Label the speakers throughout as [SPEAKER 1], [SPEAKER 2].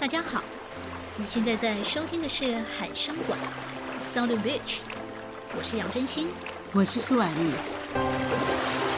[SPEAKER 1] 大
[SPEAKER 2] 家好，你現在在收聽的是海聲館，Sound Beach，我是楊真心，
[SPEAKER 1] 我是蘇婉玉。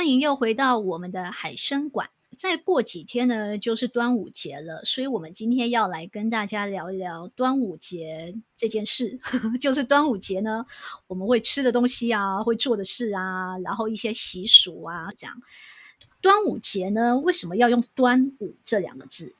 [SPEAKER 2] 歡迎又回到我們的海參館。再過幾天呢，就是端午節了，所以我們今天要來跟大家聊一聊端午節這件事。 就是端午節呢，我們會吃的東西啊，會做的事啊，然後一些習俗啊，這樣。端午節呢，為什麼要用“端午”這兩個字？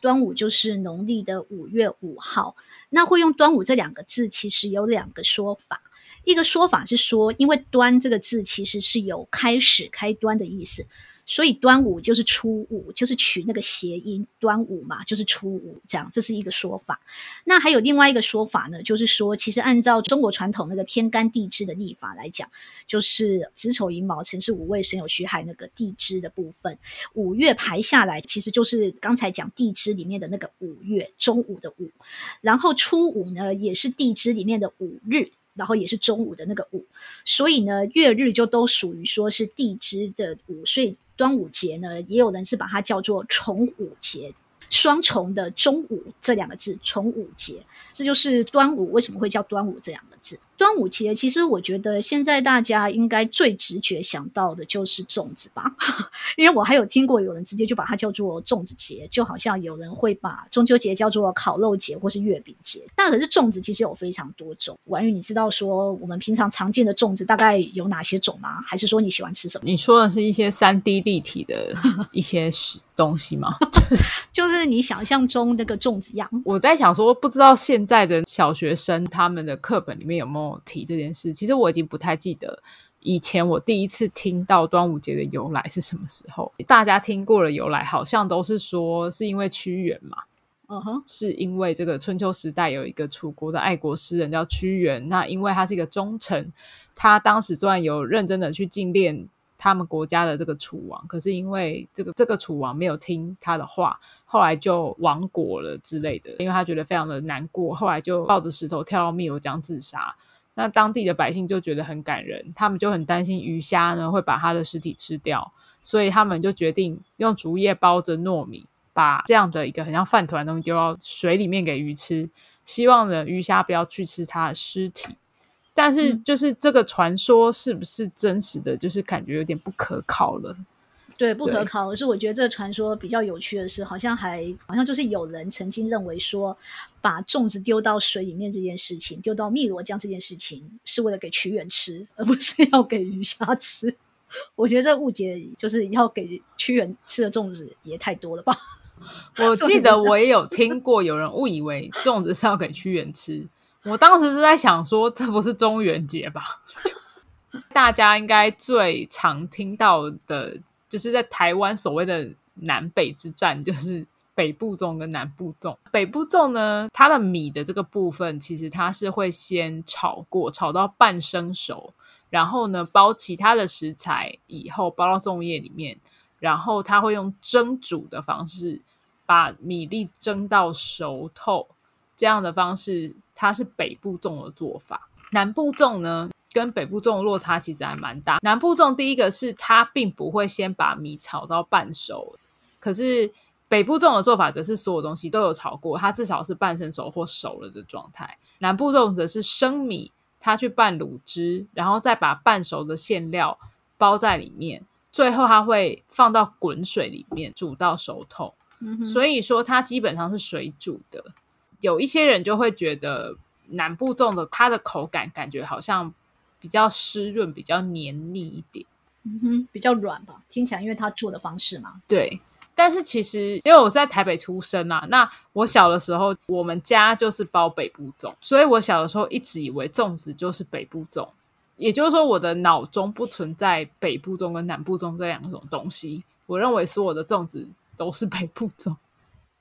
[SPEAKER 2] 端午就是農曆的五月五號，那會用“端午”這兩個字，其實有兩個說法。一個說法是說，因為“端”這個字其實是有開始開端的意思。所以端午就是初五，就是取那個諧音“端午”嘛，就是初五這樣，這是一個說法。那還有另外一個說法呢，就是說，其實按照中國傳統那個天干地支的曆法來講，就是子丑寅卯辰巳午未申酉戌亥那個地支的部分，五月排下來，其實就是剛才講地支裡面的那個五月中午的午，然後初五呢也是地支裡面的五日，然後也是中午的那個午，所以呢月日就都屬於說是地支的午，所以。端午節呢，也有人是把它叫做重午節，雙重的“中午”這兩個字，重午節，這就是端午為什麼會叫端午這兩個字。端午節其實，我覺得現在大家應該最直覺想到的就是粽子吧， 因為我還有聽過有人直接就把它叫做粽子節，就好像有人會把中秋節叫做烤肉節或是月餅節。但可是粽子其實有非常多種。婉玉，你知道說我們平常常見的粽子大概有哪些種嗎？還是說你喜歡吃什麼？你說的是一些三 D 立體的一些
[SPEAKER 1] 東西嗎？ 就是、
[SPEAKER 2] 就是你想象中那個粽子樣？我在想說，不知道現
[SPEAKER 1] 在的小學生他們的課本裡面有沒有？我提這件事，其實我已經不太記得以前我第一次聽到端午節的由來是什麼時候。大家聽過的由來，好像都是說是因為屈原嘛。嗯哼，是因為這個春秋時代有一個楚國的愛國詩人叫屈原。那因為他是一個忠臣，他當時雖然有認真的去進諫他們國家的這個楚王，可是因為這個這個楚王沒有聽他的話，後來就亡國了之類的。因為他覺得非常的難過，後來就抱着石頭跳到汨羅江自殺。那當地的百姓就覺得很感人，他們就很擔心魚蝦呢會把他的屍體吃掉，所以他們就決定用竹葉包着糯米，把這樣的一個很像飯糰的東西丟到水裡面給魚吃，希望呢魚蝦不要去吃他的屍體。但是就是這個傳說是不是真實的，嗯，就是感覺有點不可靠了。
[SPEAKER 2] 對，不可靠。可是我覺得這個傳說比較有趣的是，好像還好像就是有人曾經認為說，把粽子丟到水裡面這件事情，丟到汨羅江這件事情，是為了給屈原吃，而不是要給魚蝦吃。我覺得這誤解，就是要給屈原吃的粽子也太多了吧？
[SPEAKER 1] 我記得我也有聽過有人誤以為粽子是要給屈原吃， 我當時是在想說，這不是中元節吧？ 大家應該最常聽到的。就是在台灣所謂的南北之戰，就是北部粽跟南部粽。北部粽呢，它的米的這個部分，其實它是會先炒過，炒到半生熟，然後呢包其他的食材以後包到粽葉裡面，然後它會用蒸煮的方式把米粒蒸到熟透，這樣的方式它是北部粽的做法。南部粽呢？跟北部粽的落差其實還蠻大。南部粽第一個是它並不會先把米炒到半熟，可是北部粽的做法則是所有東西都有炒過，它至少是半生熟或熟了的狀態。南部粽則是生米，它去拌滷汁，然後再把半熟的餡料包在裡面，最後它會放到滾水裡面煮到熟透。嗯，所以說它基本上是水煮的。有一些人就會覺得南部粽的它的口感感覺好像。比較濕潤，比較
[SPEAKER 2] 黏膩一點，嗯哼，比較軟吧。聽起來，因為它做的方式嘛。
[SPEAKER 1] 對，但是其實，因為我是在台北出生啊，那我小的時候，我們家就是包北部粽，所以我小的時候一直以為粽子就是北部粽，也就是說，我的腦中不存在北部粽跟南部粽這兩種東西，我認為所有的粽子
[SPEAKER 2] 都是北部粽。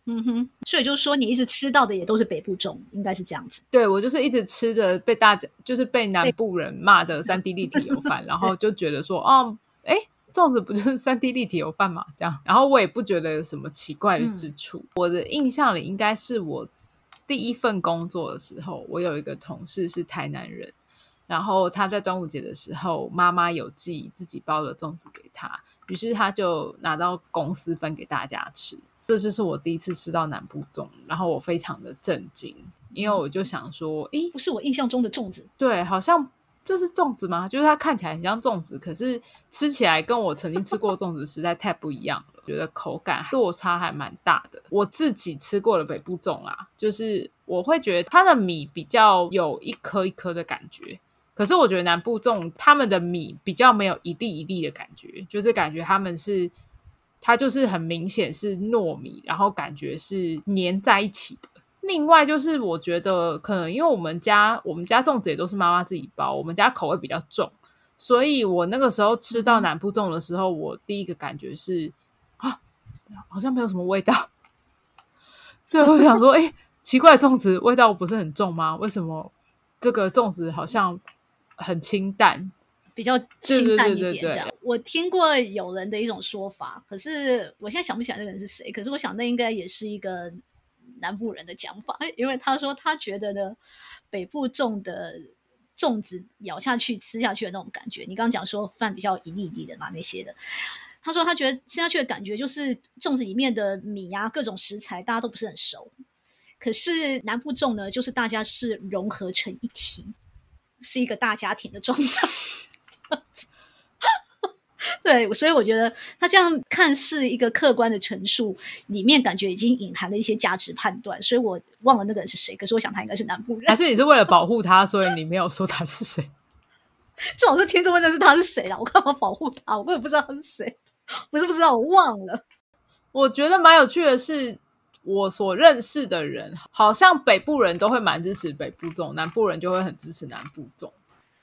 [SPEAKER 2] 嗯哼，所以就是說，你一直吃到的也都是北部粽，應該是這樣子。
[SPEAKER 1] 對，我就是一直吃着被大家，就是被南部人罵的三 D 立體油飯，然後就覺得說，哦，哎，粽子不就是三 D 立體油飯嗎？這樣，然後我也不覺得有什麼奇怪的之處。嗯、我的印象裡，應該是我第一份工作的時候，我有一個同事是台南人，然後他在端午節的時候，媽媽有寄自己包的粽子給他，於是他就拿到公司分給大家吃。這就是我第一次吃到南部粽，然後我非常的震驚，因為我就想說，咦，不是我印象中的粽子？對，好像這是粽子嗎？就是它看起來很像粽子，可是吃起來跟我曾經吃過的粽子實在太不一樣了， 覺得口感落差還蠻大的。我自己吃過的北部粽啊，就是我會覺得它的米比較有一顆一顆的感覺，可是我覺得南部粽它們的米比較沒有一粒一粒的感覺，就是感覺它們是。它就是很明顯是糯米，然後感覺是粘在一起的。另外就是，我覺得可能因為我們家我們家粽子也都是媽媽自己包，我們家口味比較重，所以我那個時候吃到南部粽的時候，我第一個感覺是啊，好像沒有什麼味道。對，我想說，哎、欸，奇怪，粽子味道不是很重嗎？為什麼這個粽子好像很清淡，比較清淡一點，對，對，對，對，對，這樣。
[SPEAKER 2] 我聽過有人的一種說法，可是我現在想不起來那個人是誰。可是我想那應該也是一個南部人的講法，因為他說他覺得呢，北部粽的粽子咬下去吃下去的那種感覺，你剛剛講說飯比較一粒一粒的嘛那些的，他說他覺得吃下去的感覺就是粽子裡面的米呀、啊、各種食材大家都不是很熟，可是南部粽呢，就是大家是融合成一體，是一個大家庭的狀態。 對，所以我覺得他這樣看似一個客觀的陳述，裡面感覺已經隱含了一些價值判斷。所以我忘了那個人是誰，可是我想他應該是南部人。還是你
[SPEAKER 1] 是為了保護他， 所以你沒有說他是誰？
[SPEAKER 2] 這種是聽眾問的是他是誰啦，我幹嘛保護他？我也不知道他是誰，不是不知道，我忘了。我
[SPEAKER 1] 覺得蠻有趣的是，我所認識的人，好像北部人都會蠻支持北部粽，南部人就會很支持南部粽。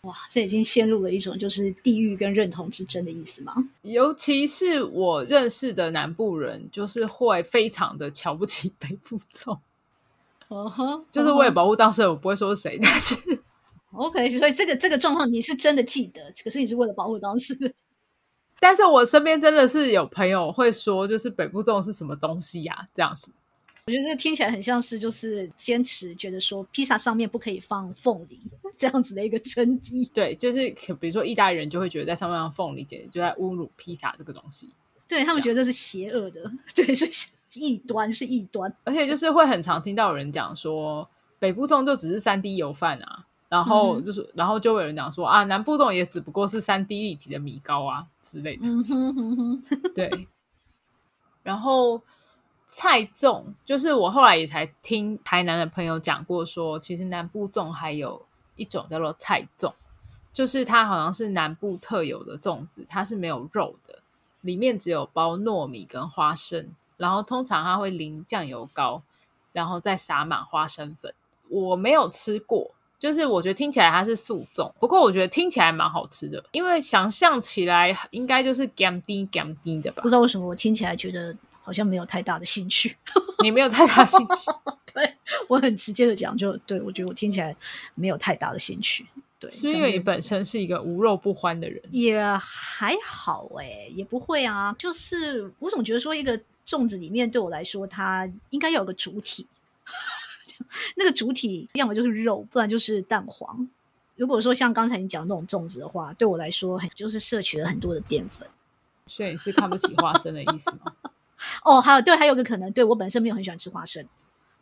[SPEAKER 1] 哇，這已經陷入了一種就是地
[SPEAKER 2] 域跟認同之爭的意思嗎？
[SPEAKER 1] 尤其是我認識的南部人，就是會非常的瞧不起北部粽
[SPEAKER 2] 哦、uh -huh, 就是為了
[SPEAKER 1] 保護當事人，uh -huh. 我不會說是
[SPEAKER 2] 誰，但是 OK，所以這個這個狀況你是真的記得，可是你是為了保護當事
[SPEAKER 1] 人。但是我身邊真的是有朋友會說，就是北部粽是什麼東西呀？啊？這樣子。
[SPEAKER 2] 我覺得這聽起來很像是，就是堅持覺得說，披薩上面不可以放鳳梨這樣子的一個爭議。對，就是比如說意大利人就會
[SPEAKER 1] 覺得在上面放鳳梨，簡直就在侮辱披薩這個東西。
[SPEAKER 2] 對，他們覺得這是邪惡的，對，是異端，是異端。
[SPEAKER 1] 而且就是會很常聽到有人講說，北部粽就只是 3D 油飯啊，然後就是，嗯、然後就有人講說啊，南部粽也只不過是 3D 立體的米糕啊之類的，嗯哼哼哼。對，然後。菜粽就是我後來也才聽台南的朋友講過說，說其實南部粽還有一種叫做菜粽，就是它好像是南部特有的粽子，它是沒有肉的，裡面只有包糯米跟花生，然後通常它會淋醬油膏，然後再撒滿花生粉。我沒有吃過，就是我覺得聽起來它是素粽，不過我覺得聽起來蠻好吃的，因為
[SPEAKER 2] 想象起來應該就是鹹甜鹹甜的吧？不知道為什麼我聽起來覺得。好像沒有太大的興趣， 你沒有太大興趣， 對我很直接的講，就對我覺得我聽起來沒有太大的興趣，對，是因為你本身是一個無肉不歡的人，也還好哎、欸，也不會啊，就是我總覺得說一個粽子裡面對我來說，它應該要有個主體， 那個主體要麼就是肉，不然就是蛋黃。如果說像剛才你講的那種粽子的話，對我來說很就是攝取了很多的澱粉，所以你是看不起花生的意思嗎？ 哦，還有對，還有個可能，對我本身沒有很喜歡吃花生，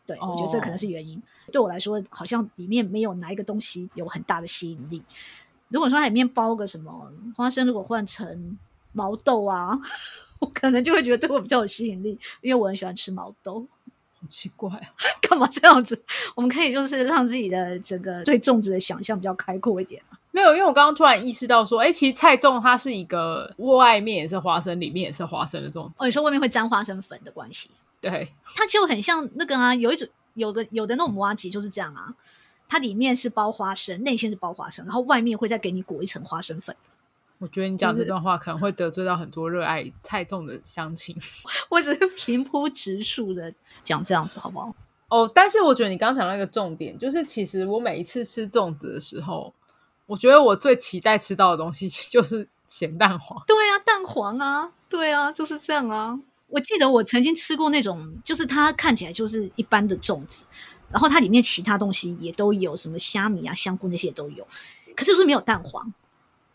[SPEAKER 2] 對、哦、我覺得這可能是原因。對我來說，好像裡面沒有哪一個東西有很大的吸引力。如果說它裡面包個什麼花生，如果換成毛豆啊，我可能就會覺得對我比較有吸引力，因為我很喜歡吃毛豆。好奇怪啊， 幹嘛這樣子？我們可以就是讓自己的整個對粽子的想象比較開闊一點。
[SPEAKER 1] 沒有，因為我剛剛突然意識到說，哎，其實菜粽它是一個外面也是花生，裡面也是花生的粽子。
[SPEAKER 2] 哦，你說外面會沾花生粉的關係？對，它就很像那個啊，有一種有的有的那種麻糬就是這樣啊，它裡面是包花生，內餡是包花生，然後外面會再給你裹一層花生粉。我覺得
[SPEAKER 1] 你講這段話可能會得罪到很多熱愛菜粽的鄉親，就是。我只是平
[SPEAKER 2] 鋪直述的講這樣子，好不好？
[SPEAKER 1] 哦，但是我覺得你剛剛講到一個重點，就是其實我每一次吃粽子的時候。我覺得我最期待吃到的東西就是鹹蛋黃。
[SPEAKER 2] 對啊，蛋黃啊，對啊，就是這樣啊。我記得我曾經吃過那種，就是它看起來就是一般的粽子，然後它裡面其他東西也都有，什麼蝦米啊、香菇那些都有，可是就是沒有蛋黃。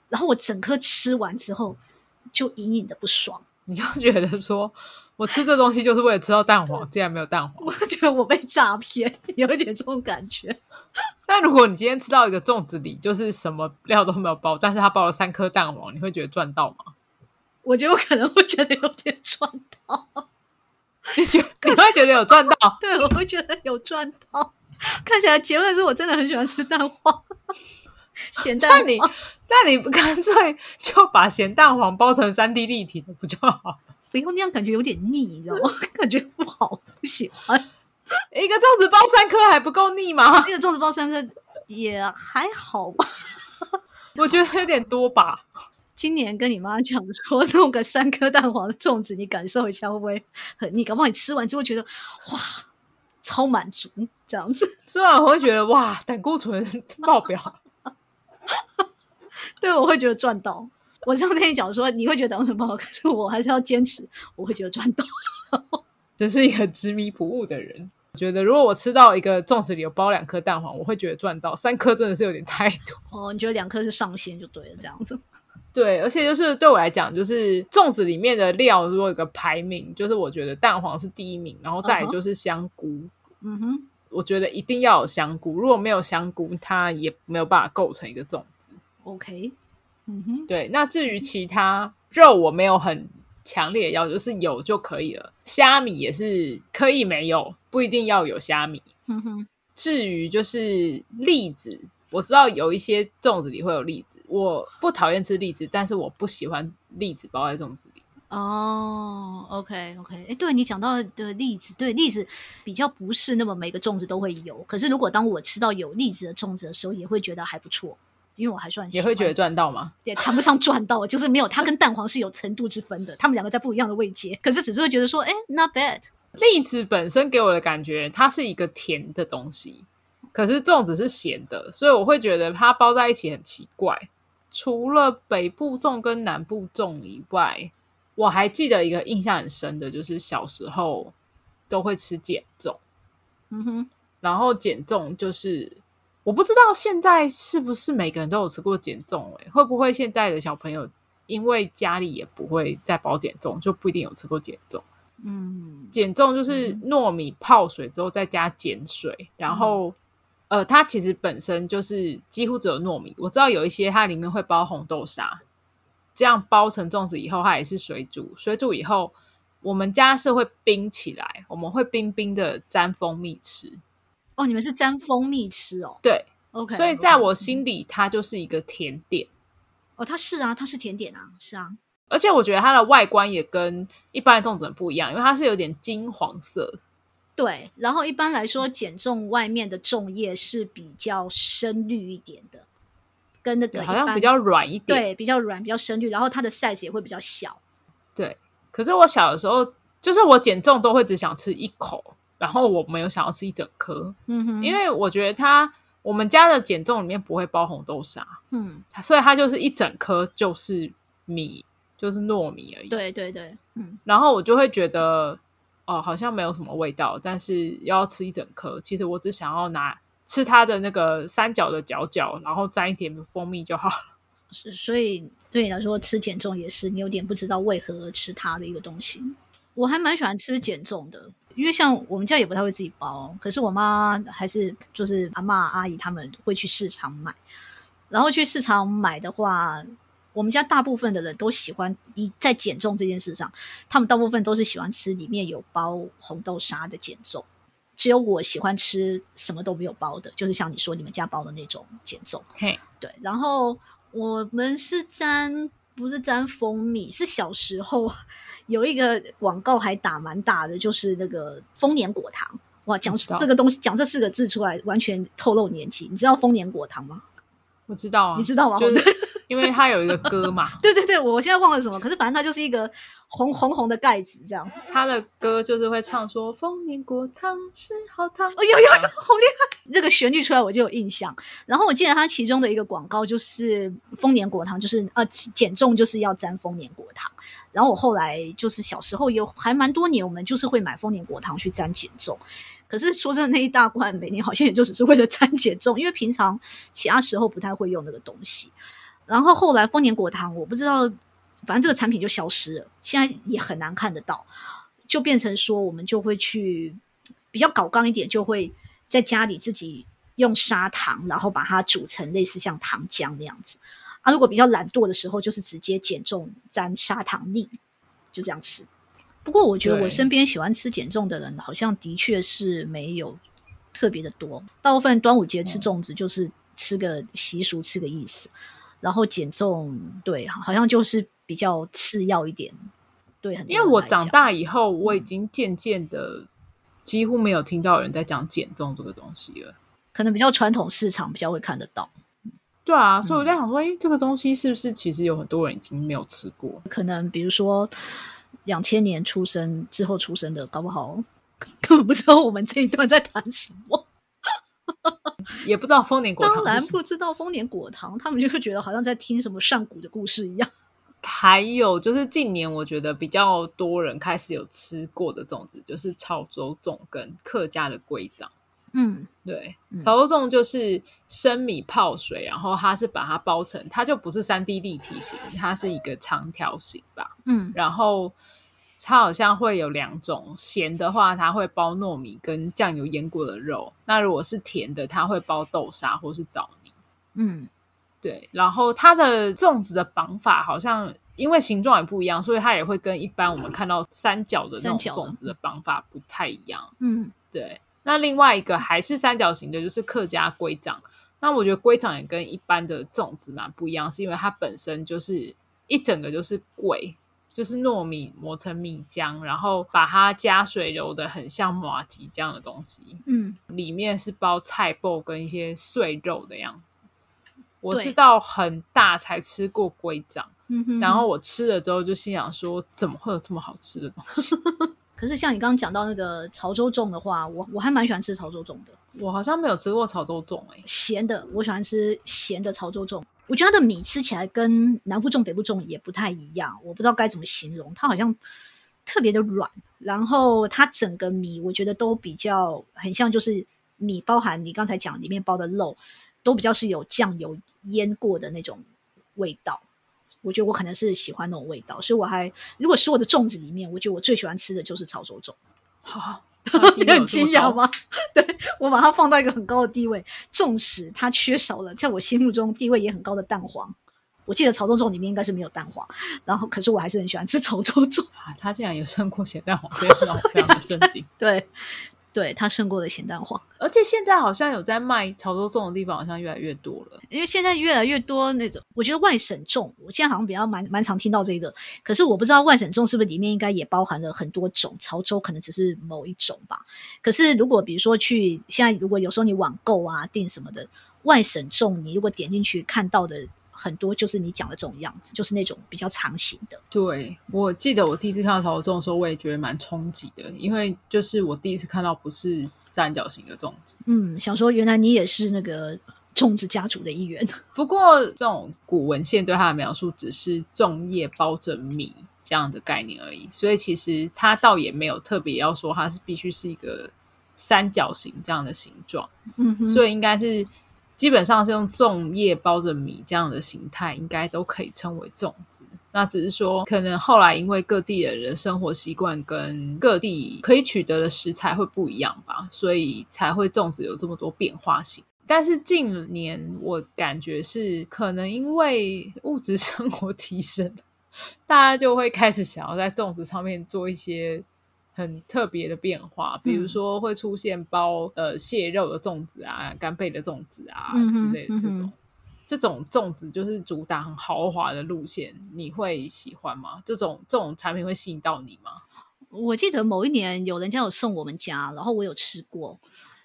[SPEAKER 2] 然後我整顆吃完之後，就隱隱的不爽。你就覺得說我吃這東
[SPEAKER 1] 西就是為了吃到蛋黃，竟然沒有蛋
[SPEAKER 2] 黃，我覺得我被詐騙，有點這種感覺。
[SPEAKER 1] 但如果你今天吃到一個粽子裡，裡就是什麼料都沒有包，但是他包了三顆蛋黃，你會覺得賺到嗎？我覺得我可能會覺得有點賺到。你
[SPEAKER 2] 覺得？你會覺得有賺到？對，我會覺得有賺到。看起來結論是我真的很喜歡吃蛋黃，鹹 蛋黃。那你，那你不乾脆
[SPEAKER 1] 就把鹹蛋黃包成三 D 立體的不就好？不用那樣，感覺有點膩，你知道嗎？感覺不好，不喜歡。 一個粽子包三顆還不夠膩嗎？一個粽子
[SPEAKER 2] 包三顆也還好吧，我覺得有點多吧。今年跟你媽講說弄個三顆蛋黃的粽子，你感受一下會不會很膩？你搞不好你吃完之後覺得哇，超滿足這樣子。吃完我會覺得哇，膽固醇爆表。 對，我會覺得賺到。我上次跟你講說你會覺得膽固醇爆，可是我還是要堅持，我會覺得賺到。
[SPEAKER 1] 真 是一個執迷不悟的人。我覺得如果我吃到一個粽子裡有包兩顆蛋黃，我會覺得賺到。三顆真的是有點太多。哦，你覺得兩顆是上限就對了，這樣子。對，而且就是對我來講，就是粽子裡面的料如果有一個排名，就是我覺得蛋黃是第一名，然後再來就是香菇。嗯
[SPEAKER 2] 哼，
[SPEAKER 1] 我覺得一定要有香菇，如果沒有香菇，它也沒有辦法構成一個粽子。
[SPEAKER 2] OK，嗯哼，
[SPEAKER 1] 對。那至於其他肉，我沒有很。強烈的要求，是有就可以了，蝦米也是可以沒有，不一定要有蝦米。哼哼，至於就是栗子，我知道有一些粽子裡會有栗子，我不討厭吃栗子，但是我不喜歡栗子包在粽子裡。
[SPEAKER 2] 哦、oh，OK OK，哎、欸，對你講到的栗子，對，栗子比較不是那麼每個粽子都會有，可是如果當我吃到有栗子的粽子的時候，也會覺得還不錯。因為我還算，也會覺得賺到嗎？也談不上賺到， 就是沒有，它跟蛋黃是有程度之分的，他們兩個在不一樣的位階。可是只是會覺得說，哎，not bad。
[SPEAKER 1] 栗子本身給我的感覺，它是一個甜的東西，可是粽子是鹹的，所以我會覺得它包在一起很奇怪。除了北部粽跟南部粽以外，我還記得一個印象很深的，就是小時候都會吃鹼粽。嗯哼，然後鹼粽就是。我不知道現在是不是每個人都有吃過鹼粽，欸。會不會現在的小朋友因為家裡也不會再包鹼粽，就不一定有吃過鹼粽？嗯，鹼粽就是糯米泡水之後再加鹼水，嗯，然後呃，它其實本身就是幾乎只有糯米。我知道有一些它裡面會包紅豆沙，這樣包成粽子以後，它也是水煮，水煮以後，我們家是會冰起來，我們會冰冰的沾蜂蜜吃。
[SPEAKER 2] 哦，你們是沾蜂蜜吃哦。
[SPEAKER 1] 對，OK。所以在我心裡、嗯，它就是一個甜點。
[SPEAKER 2] 哦，它是啊，它是甜點啊，是啊。
[SPEAKER 1] 而且我覺得它的外觀也跟一般的粽子不一樣，因為它是有點金黃色。
[SPEAKER 2] 對，然後一般來說，鹼粽外面的粽葉是比較深綠一點的，跟那個好像比較軟一點，對，比較軟，比較深綠。然後它的 size 也會比較小。
[SPEAKER 1] 對，可是我小的時候，就是我鹼粽都會只想吃一口。然後我沒有想要吃一整顆，嗯哼，因為我覺得它，我們家的鹼粽裡面不會包紅豆沙，
[SPEAKER 2] 嗯，
[SPEAKER 1] 所以它就是一整顆就是米，就是糯米而已，對
[SPEAKER 2] 對對，嗯。
[SPEAKER 1] 然後我就會覺得哦，好像沒有什麼味道，但是要吃一整顆。其實我只想要拿吃它的
[SPEAKER 2] 那個三角的角角，然後沾一點蜂蜜就好了。是，所以對你來說吃鹼粽也是你有點不知道為何而吃它的一個東西。我還蠻喜歡吃鹼粽的。因為像我們家也不太會自己包，可是我媽還是就是阿嬤阿姨他們會去市場買，然後去市場買的話，我們家大部分的人都喜歡。在鹼粽這件事上，他們大部分都是喜歡吃裡面有包紅豆沙的鹼粽，只有我喜歡吃什麼都沒有包的，就是像你說你們家包的那種鹼粽嘿。對，然後我們是沾，不是沾蜂蜜，是小時候。有一個廣告還打蠻大的，就是那個豐年果糖，哇，講這個東西，講這四個字出來，完全透露年紀。你知道豐年果糖嗎？我知道啊，你知道嗎？就是 因為他有一個歌嘛， 對對對，我現在忘了什麼，可是反正它就是一個紅紅紅的蓋子這樣。 他的歌就是會唱說“豐 年果糖是好糖”，哦呦呦呦，好厲害！ 這個旋律出來我就有印象。然後我記得他其中的一個廣告就是“豐年果糖”，就是呃鹼粽就是要沾豐年果糖。然後我後來就是小時候有還蠻多年，我們就是會買豐年果糖去沾鹼粽。可是說真的，那一大罐每年好像也就只是為了沾鹼粽，因為平常其他時候不太會用那個東西。然後後來，豐年果糖我不知道，反正這個產品就消失了，現在也很難看得到。就變成說，我們就會去比較搞剛一點，就會在家裡自己用砂糖，然後把它煮成類似像糖漿那樣子。啊，如果比較懶惰的時候，就是直接鹼粽沾砂糖粒就這樣吃。不過我覺得我身邊喜歡吃鹼粽的人，好像的確是沒有特別的多。大部分端午節吃粽子，就是吃個習俗，吃個意思。嗯然後鹼粽，對，好像就是比較次要一點，對。因為我長大以後，嗯、我已經漸
[SPEAKER 1] 漸的幾乎沒有聽到有人在講鹼粽這個東西了。可能比較傳
[SPEAKER 2] 統市場比較會看得到，對啊。所以我在想說，嗯、這個東西是不是其實有很多人已經沒有吃過？可能比如說兩千年出生之後出生的，搞不好根本不知道我們這一段在談什麼。也不知道豐年果糖是，當然不知道豐年果糖，他們就是覺得好像在聽什麼上古的故事一樣。
[SPEAKER 1] 還有就是近年，我覺得比較多人開始有吃過的粽子，就是潮州粽跟客家的龜章，嗯，對，潮州粽就是生米泡水，然後它是把它包成，它就不是三 D 立體型，它是一個長條形吧。嗯，然後。它好像會有兩種，鹹的話它會包糯米跟醬油醃過的肉，那如果是甜的，它會包豆沙或是棗泥。嗯，對。然後它的粽子的綁法好像因為形狀也不一樣，所以它也會跟一般我們看到三角的那種粽子的綁法不太一樣。嗯，對。那另外一個還是三角形的，就是客家粿粽。那我覺得粿粽也跟一般的粽子蠻不一樣，是因為它本身就是一整個就是粿。就是糯米磨成米漿，然後把它加水揉的很像麻糬這樣的東西。嗯，裡面是包菜脯跟一些碎肉的樣子。我是到很大才吃過粿粽，然後我吃了之後就心想說，怎麼會有這麼好吃的東西？
[SPEAKER 2] 可是像你剛剛講到那個潮州粽的話，我我還蠻喜歡吃潮州粽的。我好像沒有吃過潮州粽誒、欸，鹹的，我喜歡吃鹹的潮州粽。我覺得它的米吃起來跟南部粽、北部粽也不太一樣，我不知道該怎麼形容。它好像特別的軟，然後它整個米我覺得都比較很像，就是米包含你剛才講裡面包的肉，都比較是有醬油醃過的那種味道。我覺得我可能是喜歡那種味道，所以我還如果是我的粽子裡面，我覺得我最喜歡吃的就是潮州粽。好，好。 你很驚訝嗎？對，我把它放到一個很高的地位，縱使它缺少了在我心目中地位也很高的蛋黃。我記得潮州粽裡面應該是沒有蛋黃，然後可是我還是很喜歡吃潮州粽。 啊，它竟然也勝過鹹蛋黃，所以非常非常震驚。對。對，它勝過了鹹蛋黃，而且現在好像有在賣潮州粽的地方，好像越來越多了。因為現在越來越多那種，我覺得外省粽，我現在好像比較蠻蠻，蠻常聽到這個。可是我不知道外省粽是不是裡面應該也包含了很多種，潮州可能只是某一種吧。可是如果比如說去現在，如果有時候你網購啊訂什麼的。外省粽，你如果點進去看到的很多，就是你講的這種樣子，就是那種比較長形的。對，我記得我第一次看到炒這種時候，我也覺得蠻衝擊的，因
[SPEAKER 1] 為就是我第一次看到不是三角形的粽子。嗯，想說原來你也是那個粽子家族的一員。不過，這種古文獻對它的描述只是粽葉包着米這樣的概念而已，所以其實它倒也沒有特別要說它是必須是一個三角形這樣的形狀。嗯哼，所以應該是。基本上是用粽葉包着米這樣的形態，應該都可以稱為粽子。那只是說，可能後來因為各地的人生活習慣跟各地可以取得的食材會不一樣吧，所以才會粽子有這麼多變化性。但是近年，我感覺是可能因為物質生活提升，大家就會開始想要在粽子上面做一些。很特別的變化，比如說會出現包呃蟹肉的粽子啊、干貝的粽子啊之類的這種，嗯嗯，這種粽子就是主打很豪華的路線，
[SPEAKER 2] 你會喜歡嗎？這種這種產品會吸引到你嗎？我記得某一年有人家有送我們家，然後我有吃過，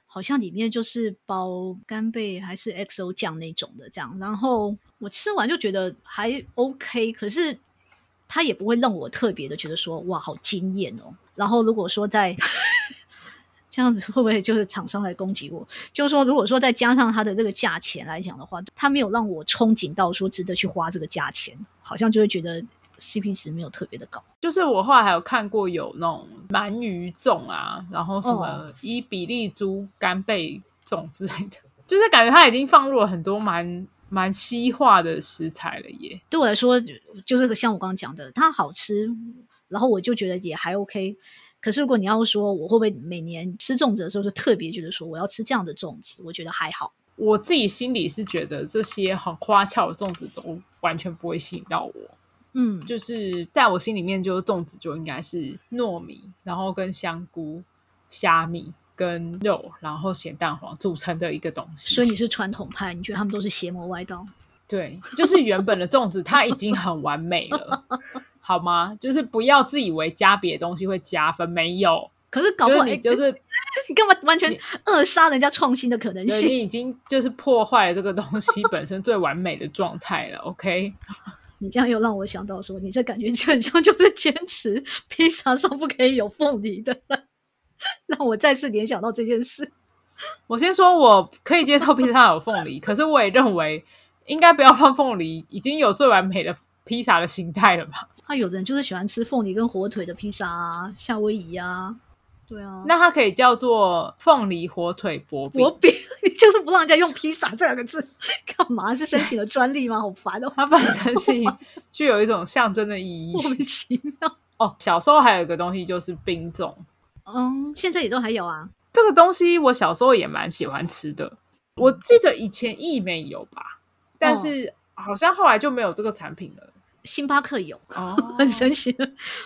[SPEAKER 2] 好像裡面就是包干貝還是 XO 醬那種的這樣，然後我吃完就覺得還 OK，可是他也不會讓我特別的覺得說哇好驚艷哦。然後，如果說在這樣子，會不會就是廠商來攻擊我？就是說，如果說再加上它的這個價錢來講的話，它沒有讓我憧憬到說值得去花這個價錢，好像就會覺得 CP 值沒有特別的高。
[SPEAKER 1] 就是我後來還有看過有那種鰻魚粽啊，然後什麼伊比利豬干貝粽之類的，oh. 就是感覺
[SPEAKER 2] 它已經放入了很多蠻蠻西化的食材了。耶。對我來說，就是像我剛剛講的，它好吃。然後我就覺得也還 OK，可是如果你要說我會不會每年吃粽子的時候就特別覺得說我要吃這樣的粽子，我覺得還好。我自己心裡是覺得這些很花俏的粽子都完全不會吸引到我。
[SPEAKER 1] 嗯，就是在我心裡面，就粽子就應該是糯米，然後跟香菇、蝦米跟肉，然後鹹蛋黃組成的一個東西。所以你是
[SPEAKER 2] 傳統派，你覺得他們都是邪魔歪道？
[SPEAKER 1] 對，就是原本的粽子，它已經很完美了。 好嗎？就是不要自以為加別的東西會加分，沒有。
[SPEAKER 2] 可是搞不好就是你就是、欸、你幹嘛完全扼殺人家創新的可能性？你，你已經就
[SPEAKER 1] 是破壞了這個東西本身最完美的狀態了。 OK，你這樣又讓我
[SPEAKER 2] 想到說，你這感覺就很像就是堅持披薩上不可以有鳳梨的， 讓我再次聯想到這件事。我先說我可以接受披薩
[SPEAKER 1] 有鳳梨， 可是我也認為應該不要放鳳梨，已經有最完美的。披薩的形態了吧
[SPEAKER 2] 他、啊、有的人就是喜歡吃鳳梨跟火腿的披薩、啊，夏威夷啊，對啊。那
[SPEAKER 1] 它可以叫做鳳梨火腿薄餅薄
[SPEAKER 2] 餅，你就是不讓人家用披薩這兩個字，幹 嘛？是申請了專利嗎？ 好煩哦！它本身是
[SPEAKER 1] 具有一種象徵的意義，莫名其妙。哦，小時候還有一個東西就是冰粽，嗯，現在也都還有啊。這個東西我小時候也蠻喜歡吃的，我記得
[SPEAKER 2] 以前一沒有吧，但是好像後來就沒有這個產品了。星巴克有、哦，很神奇。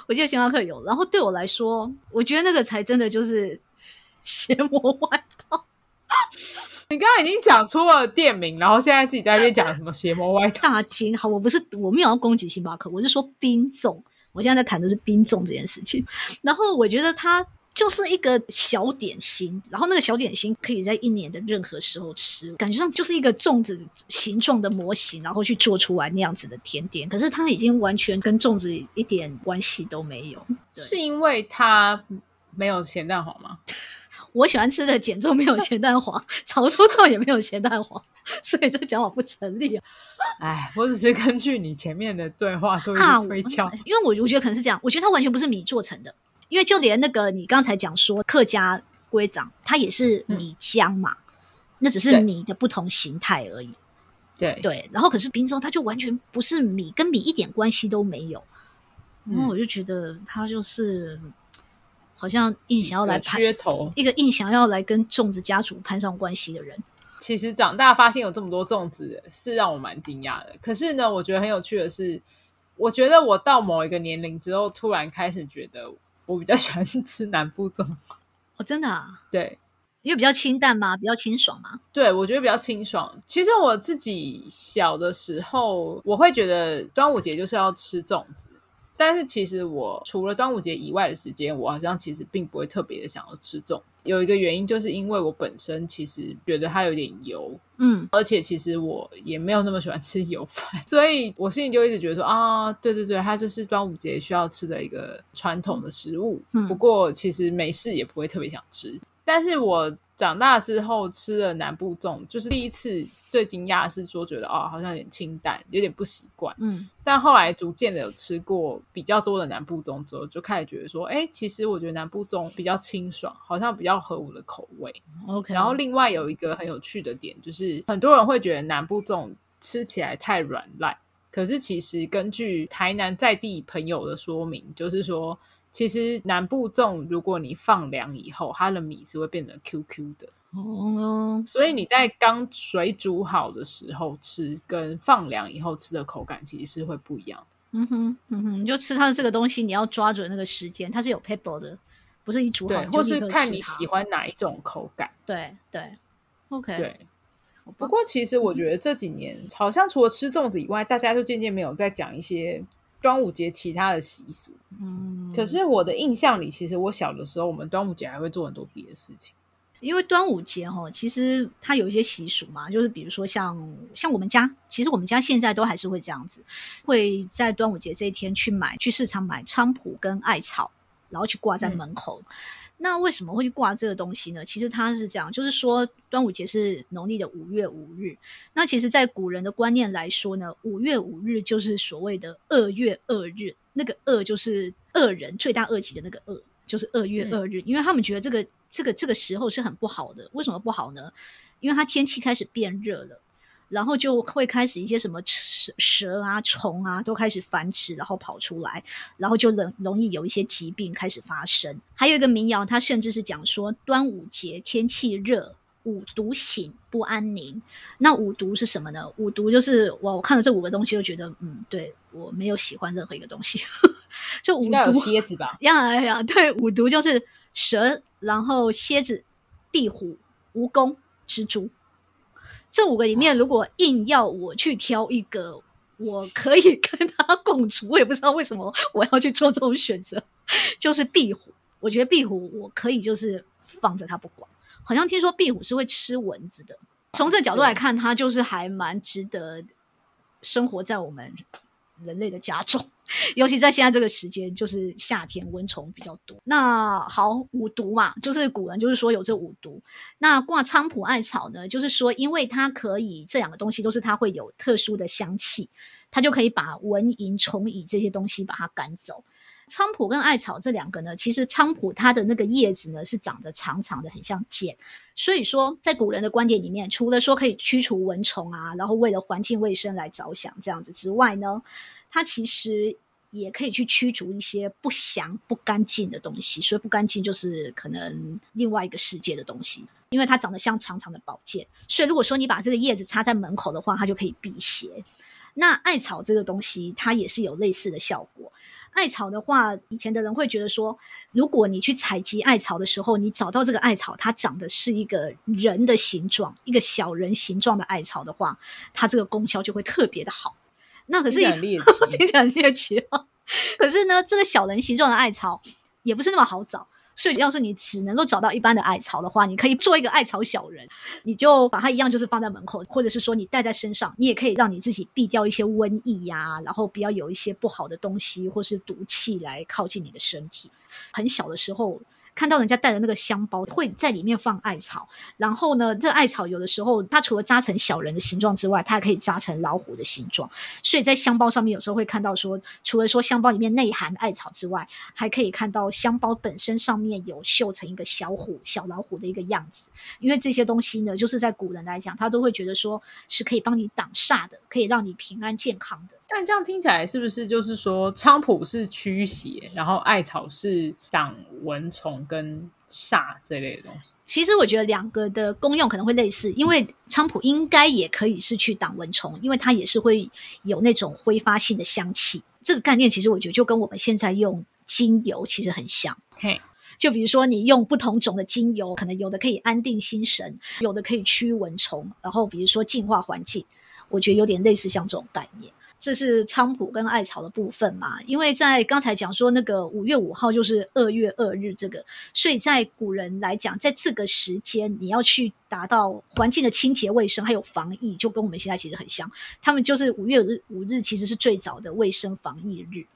[SPEAKER 2] 我記得星巴克有，然後對我來說，我覺得那個才真的就是邪魔外套。你剛剛已經講出了店名，然後現在自己在那邊講什麼邪魔外套？大驚！好，我不是我沒有要攻擊星巴克，我是說冰粽。我現在在談的是冰粽這件事情，然後我覺得他。就是一個小點心，然後那個小點心可以在一年的任何時候吃，感覺上就是一個粽子形狀的模型，然後去做出來那樣子的甜點。可是它已經完全跟粽子一點關係都沒有。
[SPEAKER 1] 是因為它沒有鹹蛋黃
[SPEAKER 2] 嗎？ 我喜歡吃的鹼粽沒有鹹蛋黃，潮州粽也沒有鹹蛋黃，所以這講法不成立啊。
[SPEAKER 1] 哎， 我只是根據你前面的對話
[SPEAKER 2] 做推敲，啊、因為我我覺得可能是這樣，我覺得它完全不是米做成的。因為就連那個你剛才講說客家粿粽，它也是米漿嘛、嗯，那只是米的不同形態而已。對對,對，然後可是冰粽，它就完全不是米，跟米一點關係都沒有。嗯、
[SPEAKER 1] 然後我就
[SPEAKER 2] 覺得他就是好像硬想要來噱頭，一個硬想要來跟粽子家族攀上關係的人。其實長
[SPEAKER 1] 大發現有這麼多粽子，是讓我蠻驚訝的。可是呢，我覺得很有趣的是，我覺得我到某一個年齡之後，突然開始覺得。我比較喜歡吃南部粽，
[SPEAKER 2] 哦，真的啊？對，因為比較清淡嘛，比較清爽嘛，
[SPEAKER 1] 對，我覺得比較清爽。其實我自己小的時候，我會覺得端午節就是要吃粽子。但是其實我除了端午節以外的時間，我好像其實並不會特別的想要吃粽子。有一個原因就是因為我本身其實覺得它有點油，嗯，而且其實我也沒有那麼喜歡吃油飯，所以我心裡就一直覺得說啊，對對對，它就是端午節需要吃的一個傳統的食物。嗯，不過其實沒事也不會特別想吃，但是我長大之後吃了南部粽，就是第一次最驚訝是說覺得哦，好像有點清淡，有點不習慣。嗯，但後來逐漸的有吃過比較多的南部粽之後，就開始覺得說，哎、欸，其實我覺得南部粽比較清爽，好像比較合我的口味。OK，然後另外有一個很有趣的點就是，很多人會覺得南部粽吃起來太軟爛。可是，其實根據台南在地朋友的說明，就是說，其實南部粽如果你放涼以後，它的米是會變得 QQ 的。哦、oh.，所以你在剛水煮好的時候吃，跟放涼以後吃的口感其實是會不一樣的。嗯哼，
[SPEAKER 2] 嗯哼，你就吃它的這個東西，你要抓準那個時間，它是有 pepper 的，不是一煮好你就是。或是看你喜
[SPEAKER 1] 歡哪一種口
[SPEAKER 2] 感？對對，OK 對。
[SPEAKER 1] 不過，其實我覺得這幾年、嗯、好像，除了吃粽子以外，大家就漸漸沒有再講一些端午節其他的習俗。嗯，可是我的印象裡，其實我小的時候，我們端
[SPEAKER 2] 午節還會做很多別的事情。因為端午節哈，其實它有一些習俗嘛，就是比如說像像我們家，其實我們家現在都還是會這樣子，會在端午節這一天去買去市場買菖蒲跟艾草，然後去掛在門口。嗯。那為什麼會去掛這個東西呢？其實它是這樣，就是說端午節是農曆的五月五日。那其實，在古人的觀念來說呢，五月五日就是所謂的惡月惡日。那個“惡”就是惡人罪大惡極的那個“惡”，就是惡月惡日，嗯，因為他們覺得這個這個這個時候是很不好的。為什麼不好呢？因為它天氣開始變熱了。然後就會開始一些什麼蛇蛇啊、蟲啊都開始繁殖，然後跑出來，然後就容易有一些疾病開始發生。還有一個民謠，他甚至是講說端午節天氣熱，五毒醒不安寧。那五毒是什麼呢？五毒就是哇，我看了這五個東西就覺得，嗯，對我沒有喜歡任何一個東西。 就五毒蠍子吧，呀呀，對，五毒就是蛇，然後蠍子、壁虎、蜈蚣、蜈蚣、蜘蛛。這五個裡面，如果硬要我去挑一個，啊、我可以跟他共處。我也不知道為什麼我要去做這種選擇，就是壁虎。我覺得壁虎我可以就是放着它不管。好像聽說壁虎是會吃蚊子的，從這個角度來看，它就是還蠻值得生活在我們人類的家中。 尤其在現在這個時間，就是夏天，蚊蟲比較多。那好，五毒嘛，就是古人就是說有這五毒。那掛菖蒲艾草呢，就是說因為它可以，這兩個東西都是它會有特殊的香氣，它就可以把蚊蠅蟲蟻這些東西把它趕走。菖蒲跟艾草這兩個呢，其實菖蒲它的那個葉子呢是長得長長的，很像劍，所以說在古人的觀點裡面，除了說可以驅除蚊蟲啊，然後為了環境衛生來着想這樣子之外呢，它其實也可以去驅除一些不祥不乾淨的東西。所以不乾淨就是可能另外一個世界的東西，因為它長得像長長的寶劍，所以如果說你把這個葉子插在門口的話，它就可以辟邪。那艾草這個東西，它也是有類似的效果。艾草的話，以前的人會覺得說，如果你去採集艾草的時候，你找到這個艾草，它長得是一個人的形狀，一個小人形狀的艾草的話，它這個功效就會特別的好。那可是也挺講獵奇，挺獵奇哦，可是呢，這個小人形狀的艾草也不是那麼好找。所以，要是你只能夠找到一般的艾草的話，你可以做一個艾草小人，你就把它一樣，就是放在門口，或者是說你戴在身上，你也可以讓你自己避掉一些瘟疫呀、啊，然後不要有一些不好的東西或是毒氣來靠近你的身體。很小的時候。看到人家帶的那個香包，會在裡面放艾草。然後呢，這個、艾草有的時候它除了紮成小人的形狀之外，它還可以紮成老虎的形狀。所以在香包上面，有時候會看到說，除了說香包裡面內含艾草之外，還可以看到香包本身上面有繡成一個小虎、小老虎的一個樣子。因為這些東西呢，就是在古人來講，他都會覺得說，是可以幫你擋煞的，可以讓你平安健康的。但這樣聽起來是不是就是
[SPEAKER 1] 說菖蒲是驅邪，然後艾草是擋蚊蟲？跟
[SPEAKER 2] 煞這類的東西，其實我覺得兩個的功用可能會類似，嗯、因為菖蒲應該也可以是去擋蚊蟲，因為它也是會有那種揮發性的香氣。這個概念其實我覺得就跟我們現在用精油其實很像。嘿，就比如說你用不同種的精油，可能有的可以安定心神，有的可以驅蚊蟲，然後比如說淨化環境，我覺得有點類似像這種概念。這是菖蒲跟艾草的部分嘛，因為在剛才講說那個五月五號就是二月二日這個，所以在古人來講，在這個時間你要去達到環境的清潔衛生還有防疫，就跟我們現在其實很像。他們就是五月五日，五日其實是最早的衛生防疫日。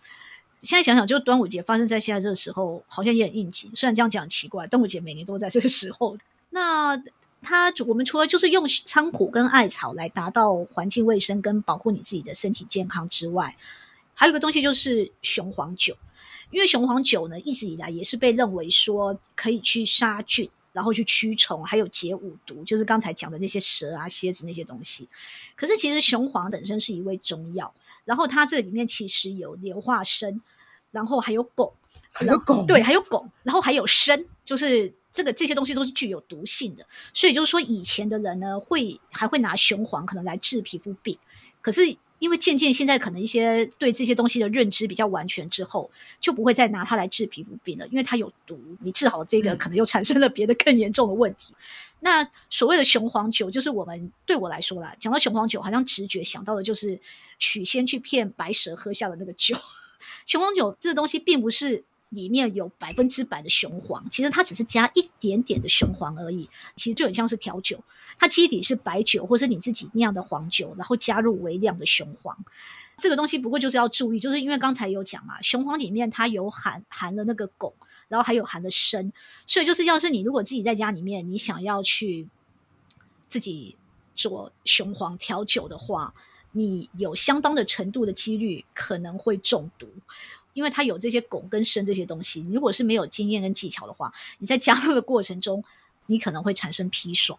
[SPEAKER 2] 現在想想，就是端午節發生在現在這個時候，好像也很應急。雖然這樣講很奇怪，端午節每年都在這個時候。那。它我們除了就是用菖蒲跟艾草來達到環境衛生跟保護你自己的身體健康之外，還有一個東西就是雄黃酒，因為雄黃酒呢一直以來也是被認為說可以去殺菌，然後去驅蟲，還有解五毒，就是剛才講的那些蛇啊、蠍子那些東西。可是其實雄黃本身是一味中藥，然後它這裡面其實有硫化砷，然後還有汞，可能汞，對，還有汞，然後還有砷，就是。這個這些東西都是具有毒性的，所以就是說，以前的人呢，會還會拿雄黃可能來治皮膚病。可是因為漸漸現在可能一些對這些東西的認知比較完全之後，就不會再拿它來治皮膚病了，因為它有毒。你治好了這個，可能又產生了別的更嚴重的問題。嗯。那所謂的雄黃酒，就是我們對我來說啦，講到雄黃酒，好像直覺想到的就是許仙去騙白蛇喝下的那個酒。雄黃酒這個東西並不是。裡面有百分之百的雄黃，其實它只是加一點點的雄黃而已。其實就很像是調酒，它基底是白酒或是你自己釀的黃酒，然後加入微量的雄黃。這個東西不過就是要注意，就是因為剛才有講嘛，雄黃裡面它有含含了那個汞，然後還有含的砷，所以就是要是你如果自己在家裡面你想要去自己做雄黃調酒的話，你有相當的程度的幾率可能會中毒。因為它有這些汞跟砷這些東西，如果是沒有經驗跟技巧的話，你在加入的過程中，你可能會產生砒霜。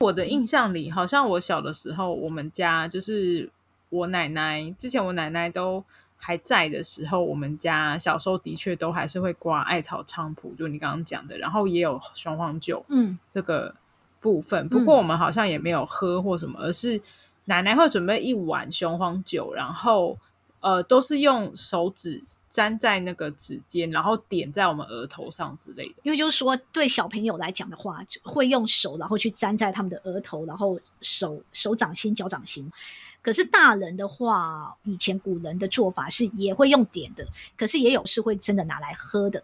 [SPEAKER 2] 我的印象裡，好像我小的
[SPEAKER 1] 時候，我們家就是我奶奶之前我奶奶都還在的時候，我們家小時候的確都還是會掛艾草菖蒲，就你剛剛講的，然後也有雄黃酒，嗯，這個部分、嗯。不過我們好像也沒有喝或什麼、嗯，而是奶奶會準備一碗雄黃酒，然後呃，都是用手指。粘在那個指尖，然後點在我們額頭上之類的。因為就是說，
[SPEAKER 2] 對小朋友來講的話，會用手然後去粘在他們的額頭，然後手手掌心、腳掌心。可是大人的話，以前古人的做法是也會用點的，可是也有是會真的拿來喝的。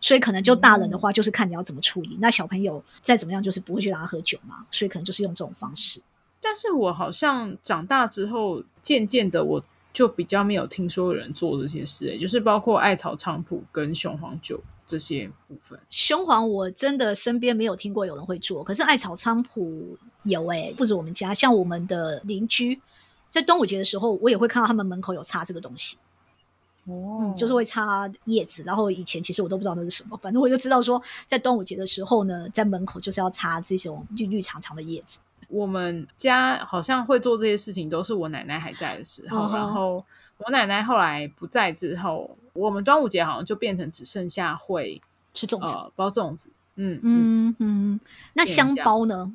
[SPEAKER 2] 所以可能就大人的話，就是看你要怎麼處理。嗯。那小朋友再怎麼樣，就是不會去讓他喝酒嘛。所以可能就是用這種方式。
[SPEAKER 1] 但是我好像長大之後，漸漸的我。就比較沒有聽說有人做這些事，欸，哎，就是包括艾草菖蒲、跟雄黃酒這些部分。
[SPEAKER 2] 雄黃我真的身邊沒有聽過有人會做，可是艾草菖蒲有哎、欸，不止我們家，像我們的鄰居，在端午節的時候，我也會看到他們門口有插這個東西。哦，嗯、就是會插葉子，然後以前其實我都不知道那是什麼，反正我就知道說，在端午節的時候呢，在門口就是要插這種綠綠長長的葉子。我們家
[SPEAKER 1] 好像會做這些事情，都是我奶奶還在的時候。Uh-huh. 然後我奶奶後來不在之後，我們端午節好像就變成只剩下會吃粽子，呃、包粽子。嗯
[SPEAKER 2] 嗯嗯。那香包呢？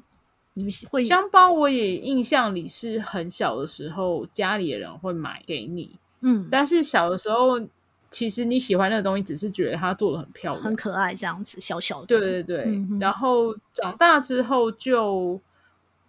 [SPEAKER 2] 你們會香包？我也
[SPEAKER 1] 印象裡是很小的時候，家裡的人會買給你。嗯。但是小的時候，其實你喜歡那個東西，只是覺得它做得很漂亮，很可愛這樣子，小小的。對對對，嗯。然後長大之後就。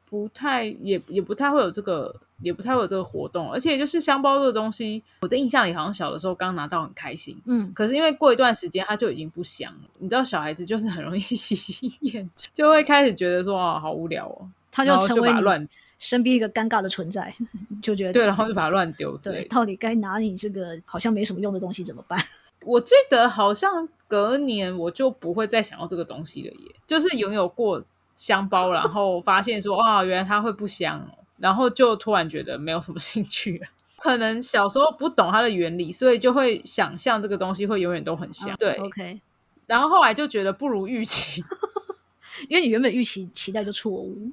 [SPEAKER 1] 不太也也不太會有這個，也不太會有這個活動，而且也就是香包這個東西，我的印象裡好像小的時候剛拿到很開心，嗯，可是因為過一段時間它就已經不香了，你知道小孩子就是很
[SPEAKER 2] 容易喜新厭舊，就會開始覺得說啊、哦、好無聊哦，他就成為亂身邊一個尷尬的存在，就覺得 對，然後就把它亂丟，對，到底該拿你這個好像沒什麼用的東西怎麼辦？
[SPEAKER 1] 我記得好像隔年我就不會再想要這個東西了耶，也就是擁有過。香包，然後發現說，哇、 哦，原來它會不香，然後就突然覺得沒有什麼興趣。可能小時候不懂它的原理，所以就會想象這個東西會永遠都很香。Okay. 對，OK。然後後來就覺得不如預
[SPEAKER 2] 期， 因為你原本預期期待就錯誤。屋，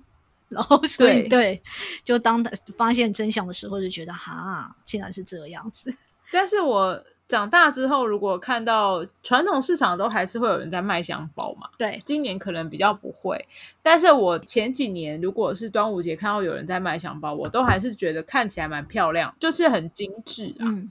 [SPEAKER 2] 然後所以對,對，就當他發現真相的時候，就覺得哈，竟然是這個樣子。但是
[SPEAKER 1] 我。長大之後，如果看到傳統市場都還是會有人在賣香包嘛？對，今年可能比較不會。但是我前幾年如果是端午節看到有人在賣香包，我都還是覺得看起來蠻漂亮，就是很精緻啊。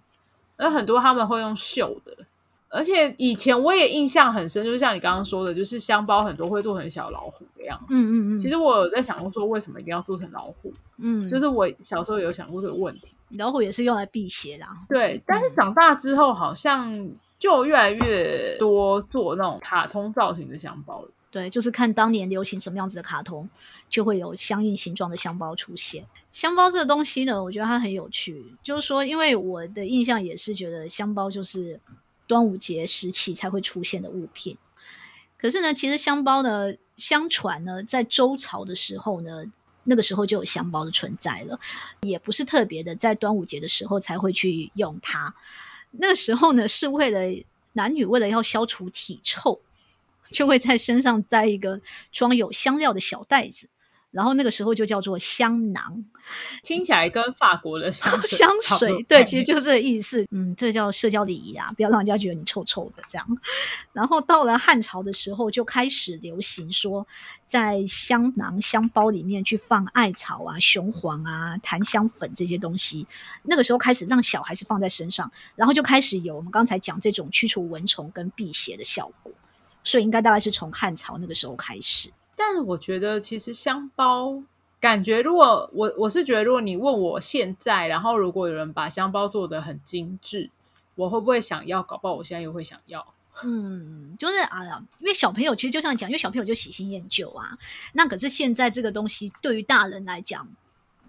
[SPEAKER 1] 嗯，很多他們會用繡的。而且以前我也印象很深，就是像你剛剛說的，就是香包很多會做成小老虎的樣子。嗯嗯嗯。其實我有在想過說，為什麼一定要做成老虎？
[SPEAKER 2] 嗯，就是我小時候有想過這個問題。老虎也是用來辟邪的。
[SPEAKER 1] 對、嗯，但是長
[SPEAKER 2] 大之後好像就越來越多做那種卡通造型的香包了。對，就是看當年流行什麼樣子的卡通，就會有相應形狀的香包出現。香包這個東西呢，我覺得它很有趣。就是說，因為我的印象也是覺得香包就是。端午節時期才會出現的物品，可是呢，其實香包呢，相傳呢，在周朝的時候呢，那個時候就有香包的存在了，也不是特別的在端午節的時候才會去用它。那個時候呢，是為了男女為了要消除體臭，就會在身上帶一個裝有香料的小袋子。然後那個時候就叫做香囊，
[SPEAKER 1] 聽起來跟法國的香 香水，對，其實就是
[SPEAKER 2] 這個意思。嗯，這叫社交禮儀啊，不要讓人家覺得你臭臭的這樣。然後到了漢朝的時候，就開始流行說，在香囊、香包裡面去放艾草啊、雄黃啊、檀香粉這些東西。那個時候開始讓小孩子放在身上，然後就開始有我們剛才講這種驅除蚊蟲跟辟邪的效果。所以應該大概是從漢朝那個時候開始。但我覺得，其實香包感覺，如果
[SPEAKER 1] 我我是覺得，如果你問我現在，然後如果有人把香包做得很精緻，我會
[SPEAKER 2] 不會想要？搞不好我現在又會想要。嗯，就是哎、啊、呀，因為小朋友其實就像你講，因為小朋友就喜新厭舊啊。那可是現在這個東西，對於大人來講，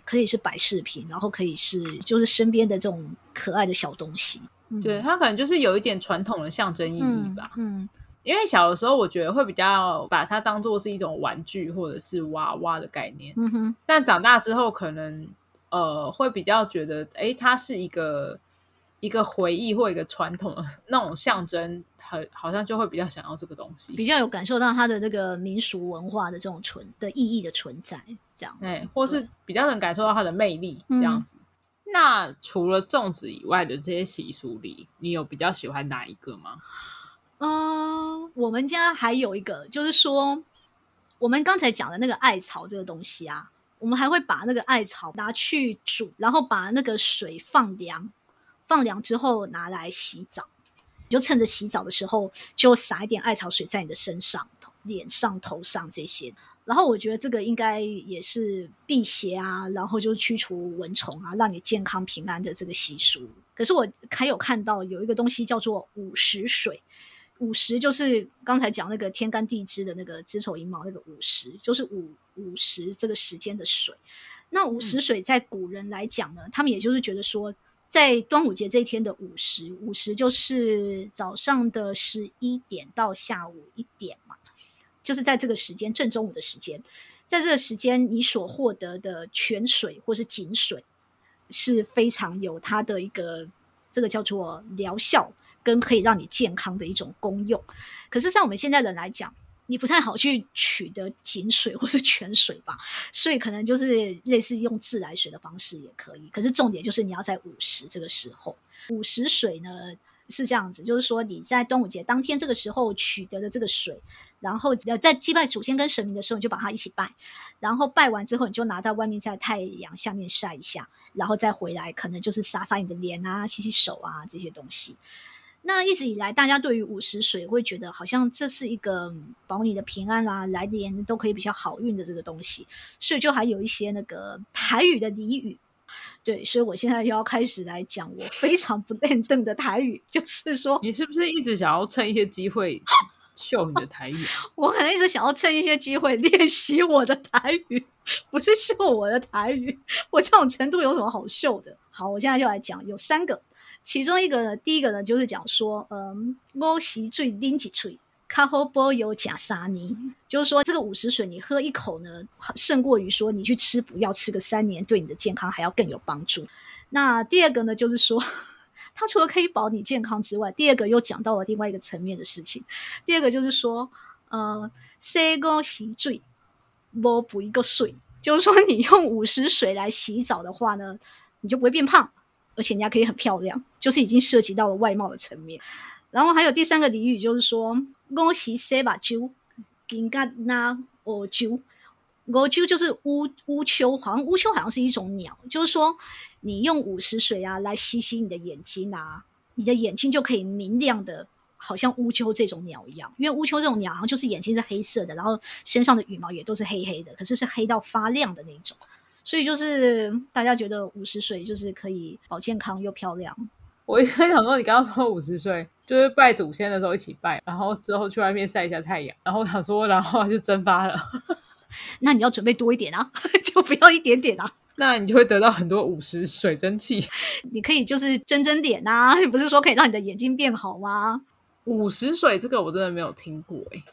[SPEAKER 2] 可以是擺飾品，然後可以是就是身邊的這種可愛的小東西。嗯、
[SPEAKER 1] 對他可能就是有一點傳統的象徵意義吧。嗯。嗯因為小的時候，我覺得會比較把它當做是一種玩具或者是娃娃的概念。嗯、但長大之後，可能呃會比較覺得，哎、欸，它是一個一個回憶或一個傳統的那種象徵，很好，好像就會比較想要這個東西。比較
[SPEAKER 2] 有感受到它的這個民俗文化的這種存的意義的存在，這樣子。對、欸、或是比較能感受到它的魅力，這樣子。嗯、
[SPEAKER 1] 那除了粽子以外的這些習俗裡，你有比較喜歡哪一個嗎？
[SPEAKER 2] 嗯、uh，我們家還有一個，就是說，我們剛才講的那個艾草這個東西啊，我們還會把那個艾草拿去煮，然後把那個水放涼，放涼之後拿來洗澡，你就趁着洗澡的時候就撒一點艾草水在你的身上、臉上、頭上這些。然後我覺得這個應該也是辟邪啊，然後就驅除蚊蟲啊，讓你健康平安的這個習俗。可是我還有看到有一個東西叫做午時水。午時就是剛才講那個天干地支的那個子丑寅卯那個午時，就是午、午時這個時間的水。那午時水在古人來講呢、嗯，他們也就是覺得說，在端午節這一天的午時，午時就是早上的十一點到下午一點嘛，就是在這個時間正中午的時間，在這個時間你所獲得的泉水或是井水是非常有它的一個這個叫做療效。跟可以讓你健康的一種功用，可是，在我們現在人來講，你不太好去取得井水或是泉水吧，所以可能就是類似用自來水的方式也可以。可是重點就是你要在午時這個時候，午時水呢是這樣子，就是說你在端午節當天這個時候取得的這個水，然後在祭拜祖先跟神明的時候，你就把它一起拜，然後拜完之後，你就拿到外面在太陽下面曬一下，然後再回來，可能就是撒撒你的臉啊、洗洗手啊這些東西。那一直以來，大家對於午時水會覺得好像這是一個保你的平安啦，來年都可以比較好運的這個東西，所以就還有一些那個台語的俚語。對，所以我現在又要開始來講我非常不輪轉的台語，
[SPEAKER 1] 就是說，你是不是一直想要趁一些機會秀你的台語？ 我
[SPEAKER 2] 可能一直想要趁一些機會練習我的台語，不是秀我的台語。我這種程度有什麼好秀的？好，我現在就來講，有三個。其中一個呢，第一個呢，就是講說，嗯，我洗最拎幾水，卡後波有假沙尼，就是說這個午時水你喝一口呢，勝過於說你去吃補藥，吃個三年，對你的健康還要更有幫助。那第二個呢，就是說， 它除了可以保你健康之外，第二個又講到了另外一個層面的事情。第二個就是說，嗯，洗個洗水，我補一個水，就是說你用午時水來洗澡的話呢，你就不會變胖。而且人家可以很漂亮，就是已經涉及到了外貌的層面。然後還有第三個俚語，就是說“恭喜塞把鳩”，“金嘎拿烏鳩”，“我鳩”就是烏烏秋，好像烏秋好像是一種鳥，就是說你用午時水啊來洗洗你的眼睛啊，你的眼睛就可以明亮的，好像烏秋這種鳥一樣。因為烏秋這種鳥好像就是眼睛是黑色的，然後身上的羽毛也都是黑黑的，可是是黑到發亮的那種。所以就是大家覺得午時水就是可以保健康又漂亮。我一開始想說，
[SPEAKER 1] 你剛剛說午時水就是拜祖先的時候一起拜，然後之後去外面曬一下太陽，然後想說然後就蒸發了。
[SPEAKER 2] 那你要準備多一點啊，
[SPEAKER 1] 就不要一點點啊，那你就會得到很多午時水蒸氣。
[SPEAKER 2] 你可以就是蒸蒸點啊，不是說可以讓你的眼睛變好嗎？午時水這個我真的沒有聽過哎、欸。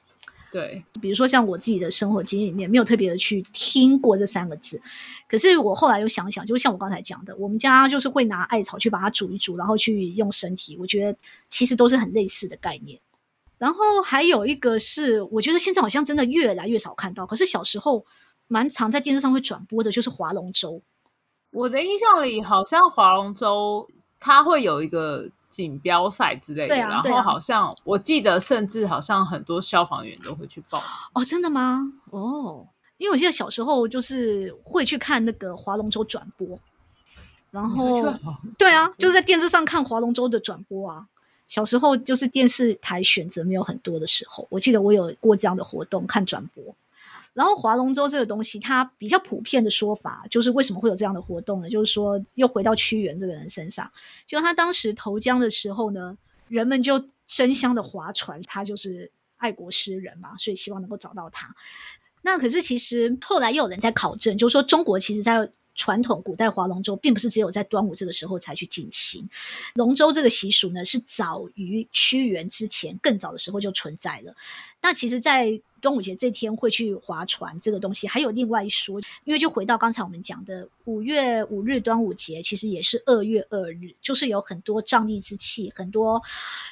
[SPEAKER 2] 對，比如說像我自己的生活經驗裡面，沒有特別的去聽過這三個字，可是我後來又想想，就像我剛才講的，我們家就是會拿艾草去把它煮一煮，然後去用身體，我覺得其實都是很類似的概念。然後還有一個是，我覺得現在好像真的越來越少看到，可是小時候蠻常在電視上會轉播的，就是划龍舟。
[SPEAKER 1] 我的印象裡好像划龍舟，它會有一個。錦標賽之類的，啊啊，然後好像我記得，甚至好像很多消防員都會去
[SPEAKER 2] 報哦，真的嗎？哦，因為我記得小時候就是會去看那個划龍舟轉播，然後啊對啊， 就是在電視上看划龍舟的轉播啊。小時候就是電視台選擇沒有很多的時候，我記得我有過這樣的活動看轉播。然後划龍舟這個東西，它比較普遍的說法就是為什麼會有這樣的活動呢？就是說，又回到屈原這個人身上，就他當時投江的時候呢，人們就爭相的划船。他就是愛國詩人嘛，所以希望能夠找到他。那可是其實後來又有人在考證，就是說，中國其實在傳統古代划龍舟，並不是只有在端午這個時候才去進行。龍舟這個習俗呢，是早於屈原之前更早的時候就存在了。那其實，在端午節這天會去划船這個東西，還有另外一說。因為就回到剛才我們講的，五月五日端午節，其實也是二月二日，就是有很多瘴癘之氣、很多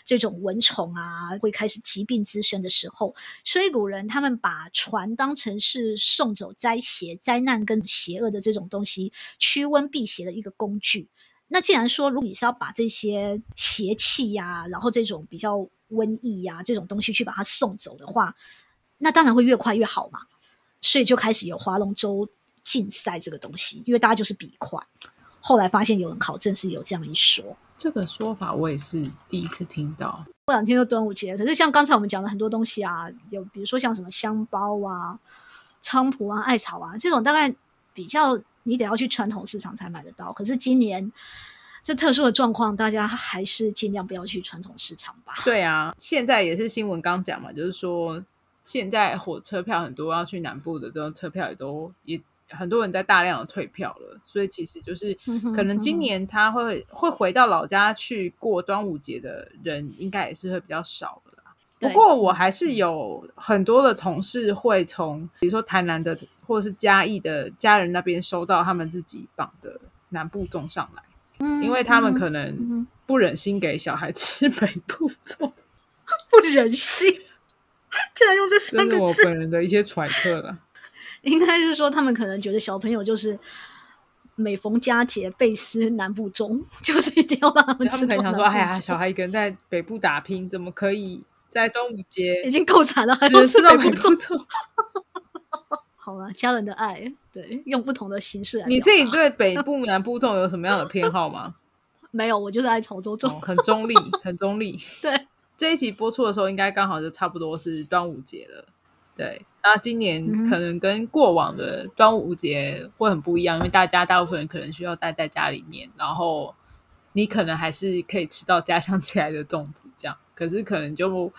[SPEAKER 2] 這種蚊蟲啊，會開始疾病滋生的時候。所以古人他們把船當成是送走災邪、災難跟邪惡的這種東西，驅瘟辟邪的一個工具。那既然說，如果你是要把這些邪氣呀、啊，然後這種比較。瘟疫呀、啊，這種東西去把它送走的話，那當然會越快越好嘛。所以就開始有划龍舟競賽這個東西，因為大家就是比快。後來發現有人考證是有這樣一說，這個說法我也是第一次聽到。過兩天就端午節，可是像剛才我們講的很多東西啊，有比如說像什麼香包啊、菖蒲啊、艾草啊這種，大概比較你得要去傳統市場才買得到。可是今年。這特殊的狀況，大家還是儘量不要去傳統市場吧。
[SPEAKER 1] 對啊，現在也是新聞剛講嘛，就是說現在火車票很多要去南部的這種車票也都也很多人在大量的退票了，所以其實就是可能今年他會 會回到老家去過端午節的人，應該也是會比較少了啦。不過我還是有很多的同事會從比如說台南的或者是嘉義的家人那邊收到他們自己綁的南部粽上來。
[SPEAKER 2] 嗯，因為他們可能
[SPEAKER 1] 不忍心給小孩吃北
[SPEAKER 2] 部粽，不忍心，竟然用這三個字，我本
[SPEAKER 1] 人的一些揣測了。
[SPEAKER 2] 應該是說他們可能覺得小朋友就是每逢佳節倍思南部粽，就是一定要讓他們吃。他們很想說：“哎呀，小孩
[SPEAKER 1] 一個人在北部打拼，怎麼可以在端午節已經夠慘了，還能吃到北部粽？”
[SPEAKER 2] 好了，家人的愛，對，用不同的形式來。你自己對北
[SPEAKER 1] 部、南部粽有什麼樣的偏好嗎？
[SPEAKER 2] 沒有，我就是愛潮州粽、哦，
[SPEAKER 1] 很中立，很中立。 對，這一集播出的時候，應該剛好就差不多是端午節了。對，那今年可能跟過往的端午節會很不一樣，嗯、因為大家大部分人可能需要待在家裡面，然後你可能還是可以吃到家鄉寄來的粽子，這樣。可是可能就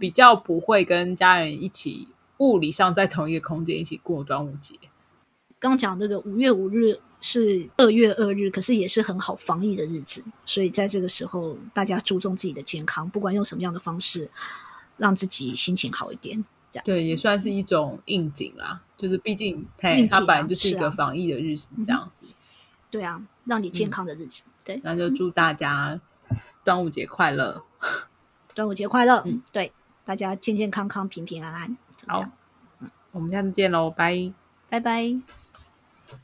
[SPEAKER 1] 比較不會跟家人一起。物理上在同一個空間一起過端午節，
[SPEAKER 2] 剛講這個五月五日是二月二日，可是也是很好防疫的日子，所以在這個時候大家注重自己的健康，不管用什麼樣的方式讓自己心情好一點，這樣對，也算是一種應景啦。就是畢竟它、啊、它本來就是一個防疫的日子，啊、這樣子、嗯。對啊，讓你健康的日子。嗯、對、嗯，那就祝大家端午節快樂！端午節快樂！嗯，對，大家健健康康、平平安安。好、嗯，我們下次見嘍，拜拜拜。